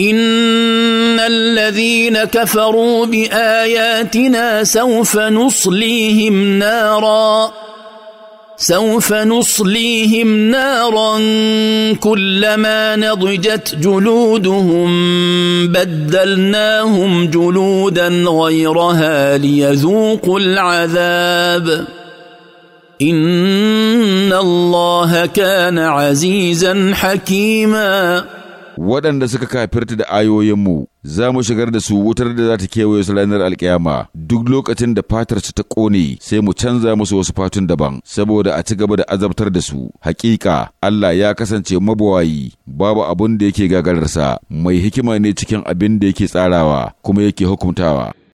ان الذين كفروا باياتنا سوف نصليهم نارا سوف نصليهم نارا كلما نضجت جلودهم بدلناهم جلودا غيرها ليذوقوا العذاب ان الله كان عزيزا حكيما waɗanda suka kafirta da ayoyinmu za mu shigar da su wutar da za ta kewaye su ranar alkiyama duk lokacin da fatar su ta ƙone sai mu canza musu wasu fatun daban saboda a ci gaba da azabtar da su haƙiƙa Allah ya kasance mabawayi babu abin da yake gagararsa mai hikima ne cikin abin da yake tsarawa kuma yake hukuntawa